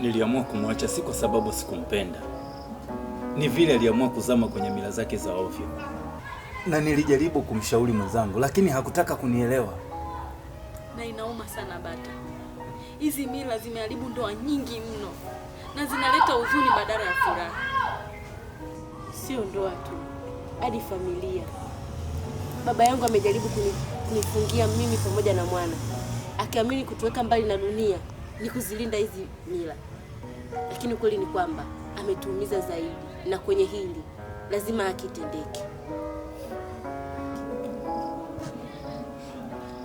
niliamua kumwacha si kwa sababu sikumpenda, ni vile aliamua kuzama kwenye mila zake za ovyo, na nilijaribu kumshauri mwenzangu, lakini hakutaka kunielewa. Na inauma sana Bata, hizi mila zimeharibu ndoa nyingi mno na zinaleta huzuni badala ya furaha. Sio ndoa tu, hadi familia. Baba yangu amejaribu kunifungia mimi pamoja na mwana, akiamini kutuweka mbali na dunia ni kuzilinda hizi mila, lakini ukweli ni kwamba ametuumiza zaidi, na kwenye hili lazima akitendeke.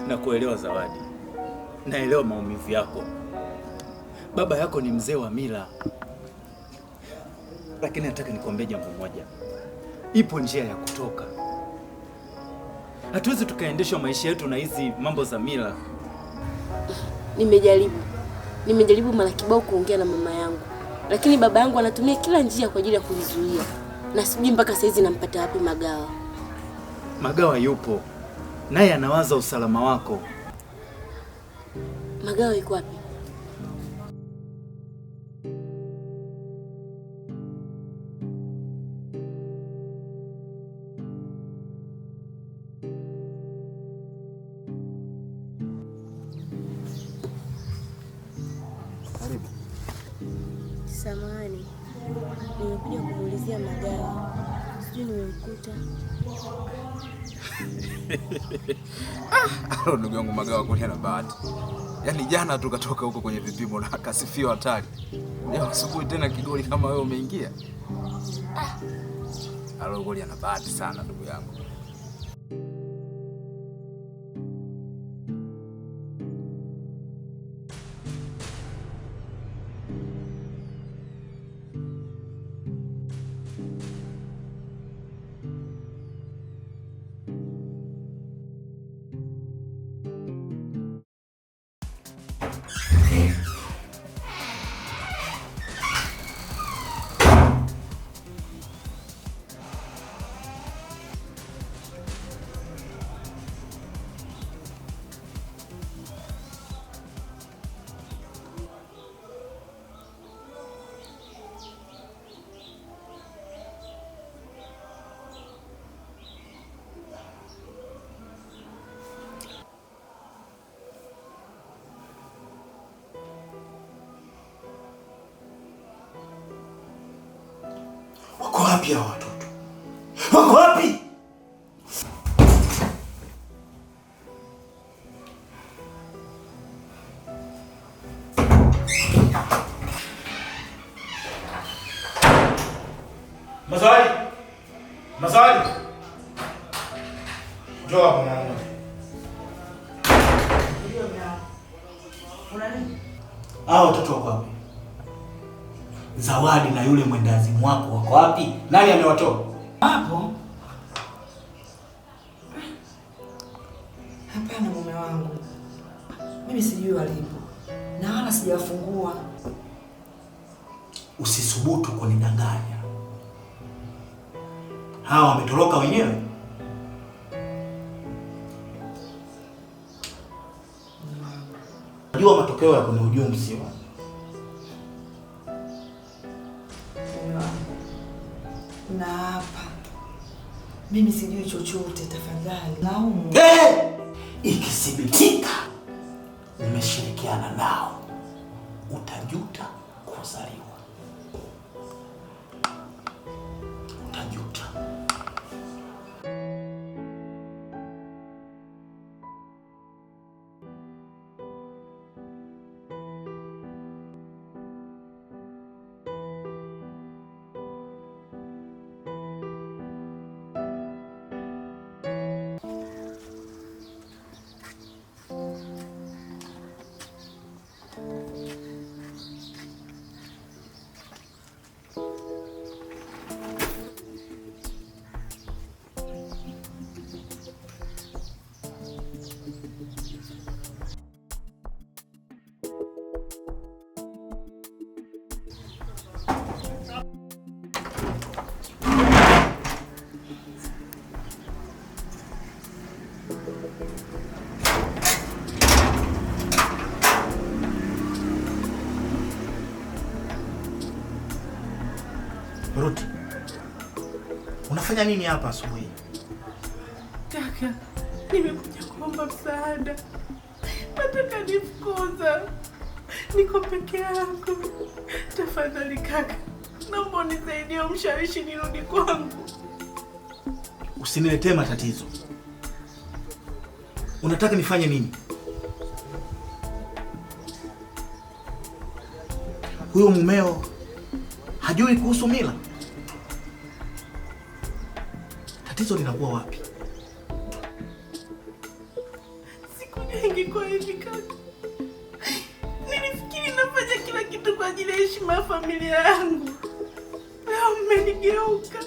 Na kuelewa Zawadi, naelewa maumivu yako. Baba yako ni mzee wa mila, lakini nataka nikuambie jambo moja, ipo njia ya kutoka. Hatuwezi tukaendeshwa maisha yetu na hizi mambo za mila. Nimejaribu Nimejaribu mara kibao kuongea na mama yangu, lakini baba yangu anatumia kila njia kwa ajili ya kunizuia, na sijui mpaka saizi nampata wapi Magawa. Magawa yupo naye, anawaza usalama wako. Magawa yuko wapi? kuulizia magari, sijui nimekuta ah, ndugu yangu magawa kulia na bahati. Yaani jana tu katoka huko kwenye vipimo na akasifiwa hatari. Leo asubuhi tena kigoli kama wewe umeingia. Alo, ah. kulia na bahati sana ndugu yangu. wapi hawa watoto? Wako wapi? Mazali. Mazali. Njoo hapa mwanangu. Ndio na. Una nini? Ah, watoto wako wapi? Zawadi na yule mwendazimu wako wako wapi? Nani amewatoa hapo? Hapana mume wangu, mimi sijui walipo na wala sijafungua. Usisubutu kunidanganya. Hawa wametoroka wenyewe. Najua matokeo ya kunihujumu sio Mimi sijui chochote tafadhali. Laumu. Hey! Eh! Ikithibitika nimeshirikiana nao utajuta kuzaliwa. Unafanya nini hapa asubuhi? Kaka, nimekuja kuomba msaada. Nataka nifukuza. Niko peke yangu. Tafadhali kaka, naomba unisaidie umshawishi nirudi kwangu. Usiniletee matatizo. Unataka nifanye nini? Huyo mumeo hajui kuhusu mila? Tatizo linakuwa wapi? Siku nyingi kwa hivi kaka, nilifikiri nafanya kila kitu kwa ajili ya heshima ya familia yangu. Leo mmenigeuka.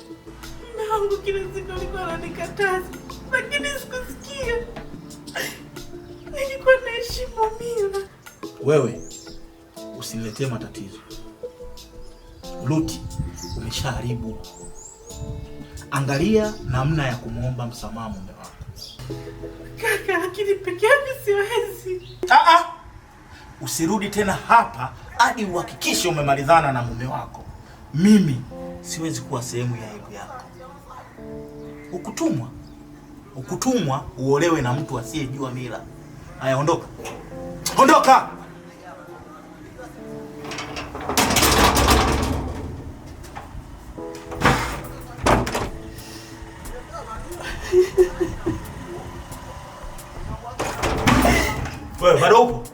Mume wangu kila siku alikuwa ananikataza, lakini sikusikia. Nilikuwa naheshimu mila. Wewe usiniletee matatizo Luti, umeshaharibu Angalia namna ya kumwomba msamaha mume wako kaka, lakini peke yake siwezi. Ah ah, usirudi tena hapa hadi uhakikishe umemalizana na mume wako. Mimi siwezi kuwa sehemu ya aibu yako. Ukutumwa ukutumwa uolewe na mtu asiyejua mila. aya ondoka, ondoka. Varou?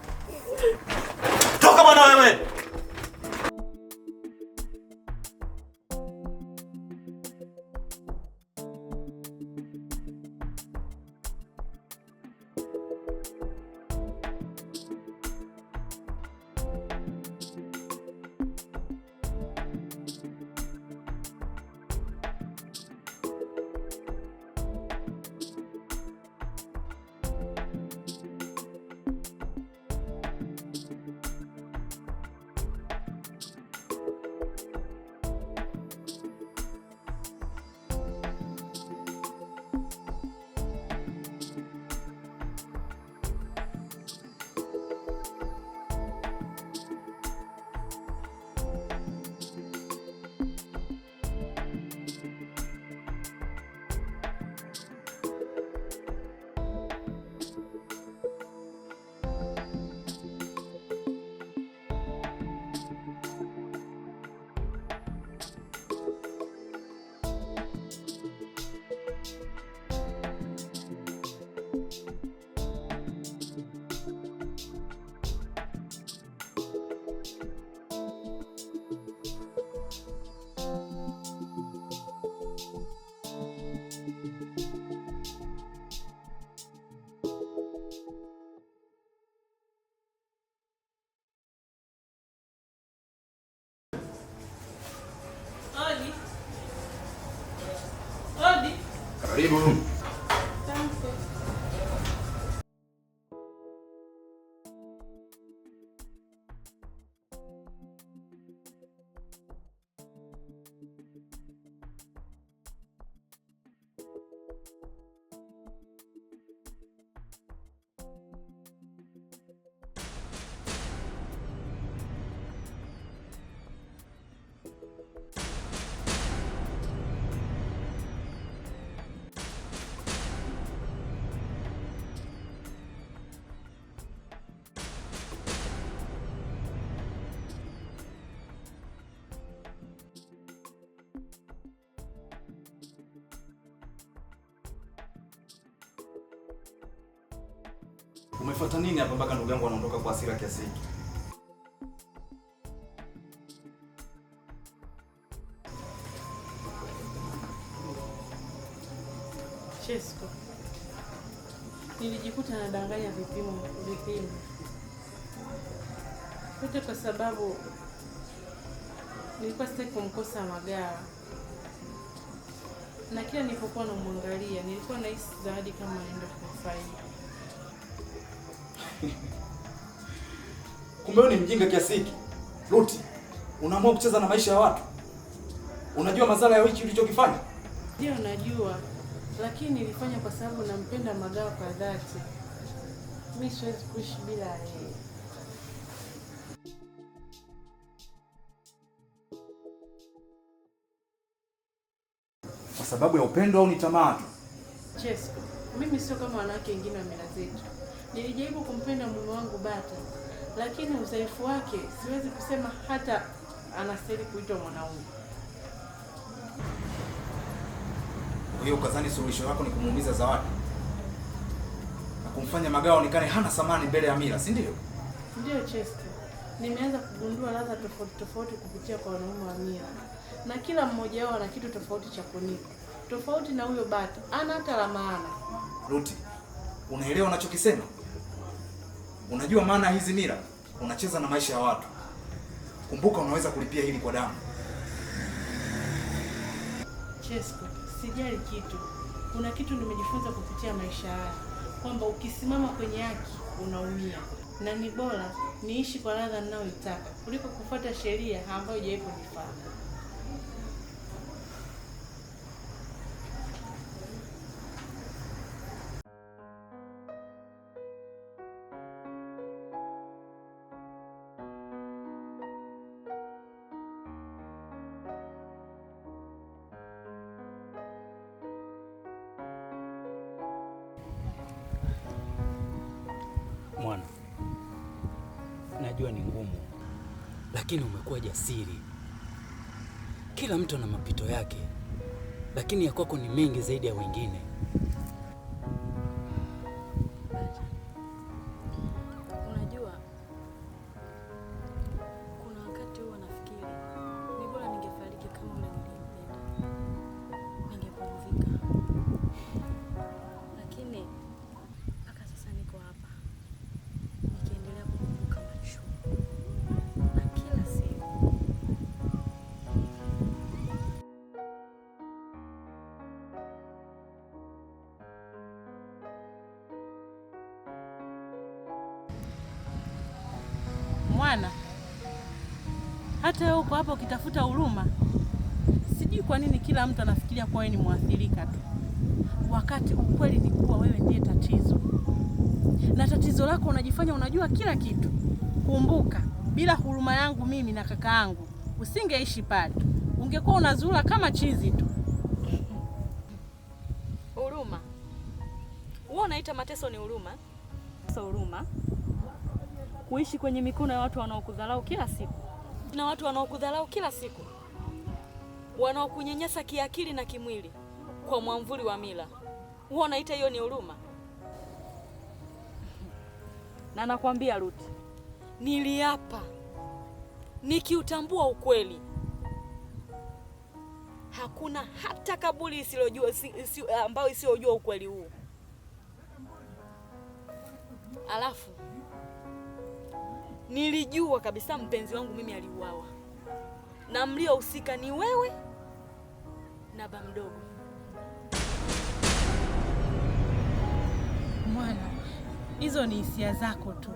¡Gracias! umefuata nini hapa mpaka ndugu yangu anaondoka kwa hasira kiasi hiki? Chesko, nilijikuta nadanganya vipimo vipimo yote kwa sababu nilikuwa sitaki kumkosa Magawa, na kila nilipokuwa namwangalia nilikuwa nahisi Zawadi kama naenda kufaidi Kumbe wewe ni mjinga kiasi hiki Ruti, unaamua kucheza na maisha ya watu. Unajua madhara ya wiki ulichokifanya? Ndio najua, lakini nilifanya kwa sababu nampenda Magawa kwa dhati. Mimi siwezi kuishi bila yeye. Kwa sababu ya upendo au ni tamaa tu? Chesko, mimi sio kama wanawake wengine wa mila zetu Nilijaribu kumpenda mume wangu Bata, lakini udhaifu wake siwezi kusema hata anastahili kuitwa mwanaume. Kwa hiyo ukadhani suluhisho lako ni kumuumiza Zawadi na kumfanya Magawa onekane hana samani mbele ya Mira, si ndio? Ndio Chester, nimeanza kugundua ladha tofauti tofauti kupitia kwa wanaume wa Mira, na kila mmoja wao ana kitu tofauti cha kunipa, tofauti na huyo Bata ana hata la maana. Ruti, unaelewa unachokisema? Unajua maana hizi mila, unacheza na maisha ya watu. Kumbuka unaweza kulipia hili kwa damu. Chesko, sijali kitu. Kuna kitu nimejifunza kupitia maisha haya kwamba ukisimama kwenye haki unaumia, na ni bora niishi kwa ladha ninayoitaka kuliko kufuata sheria ambayo haijawahi kunifaa. siri. Kila mtu ana mapito yake, lakini ya kwako ni mengi zaidi ya wengine. uko hapo ukitafuta huruma. Sijui kwa nini kila mtu anafikiria kwa wewe ni mwathirika tu, wakati ukweli ni kuwa wewe ndiye tatizo, na tatizo lako unajifanya unajua kila kitu. Kumbuka, bila huruma yangu mimi na kaka yangu usingeishi pale, ungekuwa unazula kama chizi tu. Huruma wewe unaita mateso ni huruma? Sio huruma kuishi kwenye mikono ya watu wanaokudharau kila siku na watu wanaokudharau kila siku, wanaokunyanyasa kiakili na kimwili kwa mwamvuli wa mila. Wewe unaita hiyo ni huruma? Na nakwambia Ruti, niliapa nikiutambua ukweli, hakuna hata kaburi isi, ambayo isiyojua ukweli huu. Alafu Nilijua kabisa mpenzi wangu mimi aliuawa, na mliohusika ni wewe na ba mdogo. Mwana, hizo ni hisia zako tu,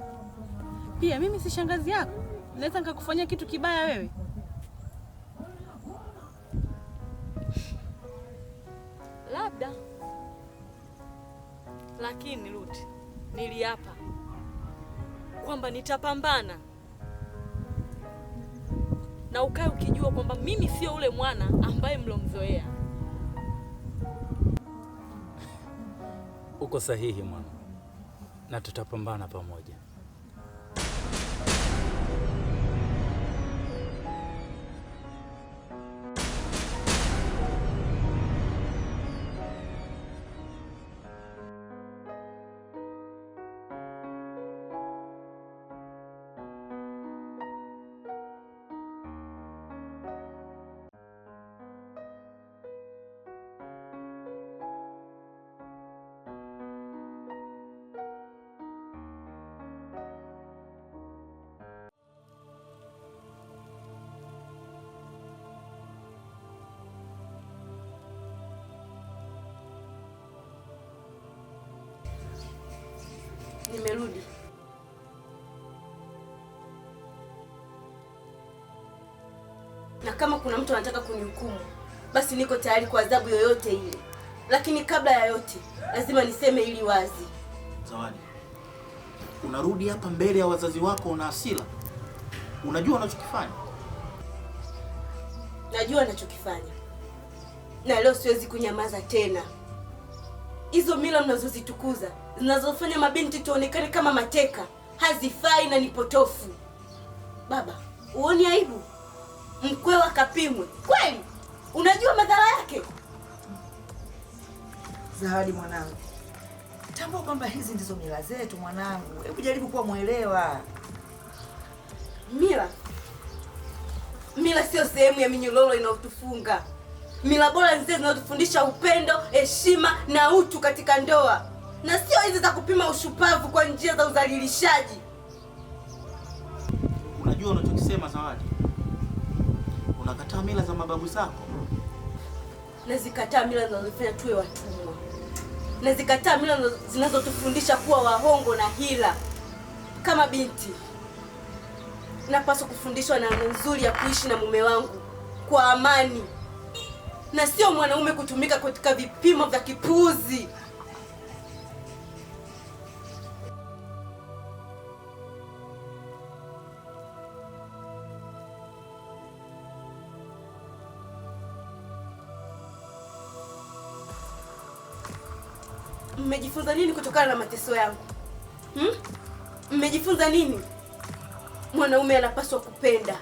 pia mimi si shangazi yako, naweza nikakufanyia kitu kibaya wewe. Labda, lakini Ruth, niliapa kwamba nitapambana na ukae ukijua kwamba mimi sio ule mwana ambaye mlomzoea. Uko sahihi mwana, na tutapambana pamoja. nimerudi. Na kama kuna mtu anataka kunihukumu, basi niko tayari kwa adhabu yoyote ile, lakini kabla ya yote lazima niseme hili wazi. Zawadi, unarudi hapa mbele ya wazazi wako una hasira? Unajua unachokifanya? Najua nachokifanya, na leo siwezi kunyamaza tena. Hizo mila mnazozitukuza zinazofanya mabinti tuonekane kama mateka hazifai na ni potofu. Baba, uoni aibu? Mkwewa akapimwe kweli? Unajua madhara yake? Zawadi mwanangu, tambua kwamba hizi ndizo mila zetu mwanangu. Hebu jaribu kuwa mwelewa. Mila mila sio sehemu ya minyororo inayotufunga. Mila bora ni zile zinazotufundisha upendo, heshima na utu katika ndoa na sio hizi za kupima ushupavu kwa njia za udhalilishaji. Unajua unachokisema Zawadi? Unakataa mila za mababu zako. Nazikataa mila zinazofanya tuwe watumwa, nazikataa mila zinazotufundisha kuwa wahongo na hila. Kama binti napaswa kufundishwa namna nzuri ya kuishi na mume wangu kwa amani, na sio mwanaume kutumika katika vipimo vya kipuzi. mmejifunza nini kutokana na mateso yangu hmm? Mmejifunza nini? Mwanaume anapaswa kupenda,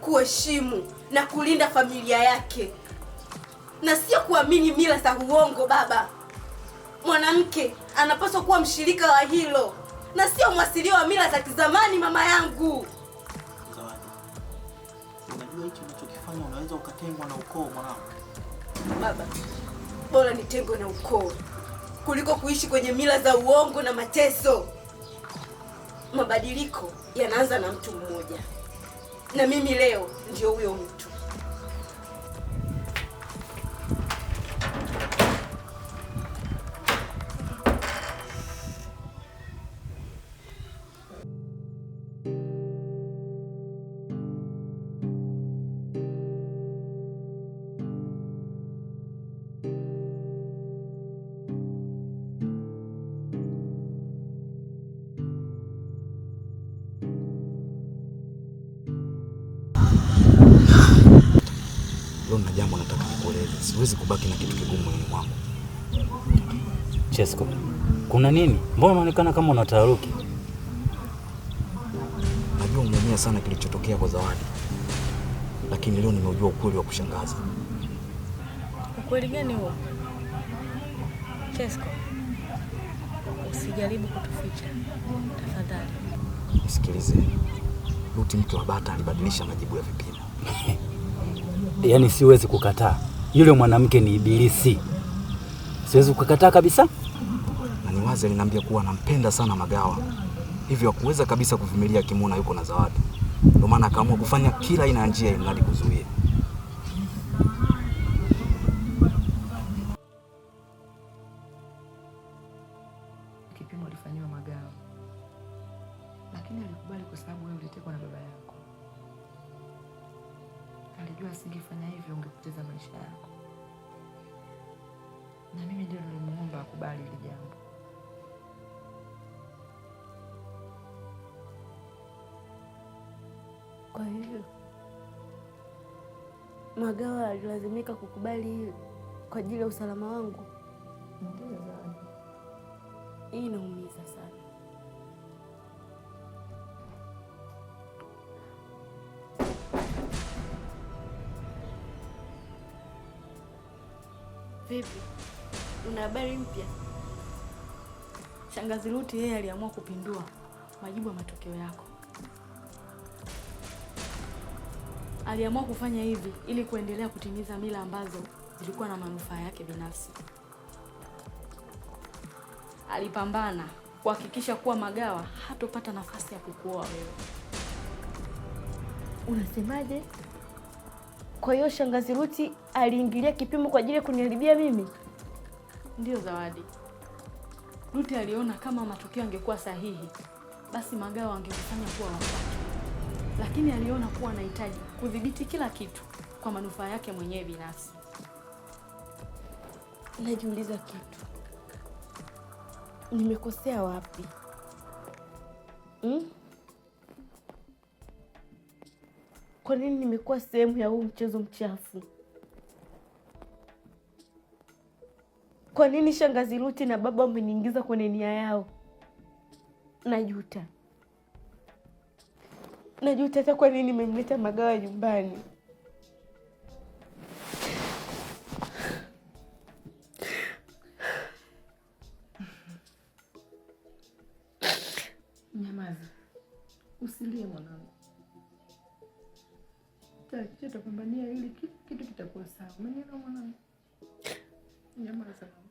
kuheshimu na kulinda familia yake na sio kuamini mila za uongo. Baba, mwanamke anapaswa kuwa mshirika wa hilo na sio mwasilio wa mila za kizamani. Mama yangu Zawadi, unajua hicho unachokifanya, unaweza ukatengwa na ukoo mwanangu. Baba, bora nitengwe na ukoo kuliko kuishi kwenye mila za uongo na mateso. Mabadiliko yanaanza na mtu mmoja, na mimi leo ndio huyo mtu. leo na jambo nataka nikueleze. Siwezi kubaki na kitu kigumu moyoni mwangu. Chesco, kuna nini? Mbona unaonekana kama una taharuki? Najua umeumia sana kilichotokea kwa Zawadi, lakini leo nimeujua ukweli wa kushangaza. Ukweli gani huo? Chesco, usijaribu kutuficha tafadhali. Nisikilize, Ruti mke wa Bata alibadilisha majibu ya vipimo yani siwezi kukataa, yule mwanamke ni ibilisi, siwezi kukataa kabisa. wazi alinambia kuwa anampenda sana Magawa, hivyo hakuweza kabisa kuvumilia kimuna yuko na Zawadi, ndio maana akaamua kufanya kila aina ya njia ili mradi kuzuia kujali kwa ajili ya usalama wangu. Ndio hii inaumiza sana. Vipi, una habari mpya? Shangazi Ruti yeye aliamua kupindua majibu ya matokeo yako. aliamua kufanya hivi ili kuendelea kutimiza mila ambazo zilikuwa na manufaa yake binafsi. Alipambana kuhakikisha kuwa Magawa hatopata nafasi ya kukuoa wewe. Unasemaje? Kwa hiyo shangazi Ruti aliingilia kipimo kwa ajili ya kuniharibia mimi? Ndiyo Zawadi. Ruti aliona kama matokeo angekuwa sahihi, basi Magawa angekufanya kuwa wake, lakini aliona kuwa anahitaji kudhibiti kila kitu kwa manufaa yake mwenyewe binafsi. Najiuliza kitu, nimekosea wapi hmm? Kwa nini nimekuwa sehemu ya huu mchezo mchafu? Kwa nini shangazi Ruti na baba wameniingiza kwenye nia yao? Najuta. Najuta hata kwa nini nimemleta Magawa nyumbani. Nyamaza, usilie mwanangu, tutapambania hili kitu, kitakuwa sawa. Umenielewa mwanangu? Nyamaza.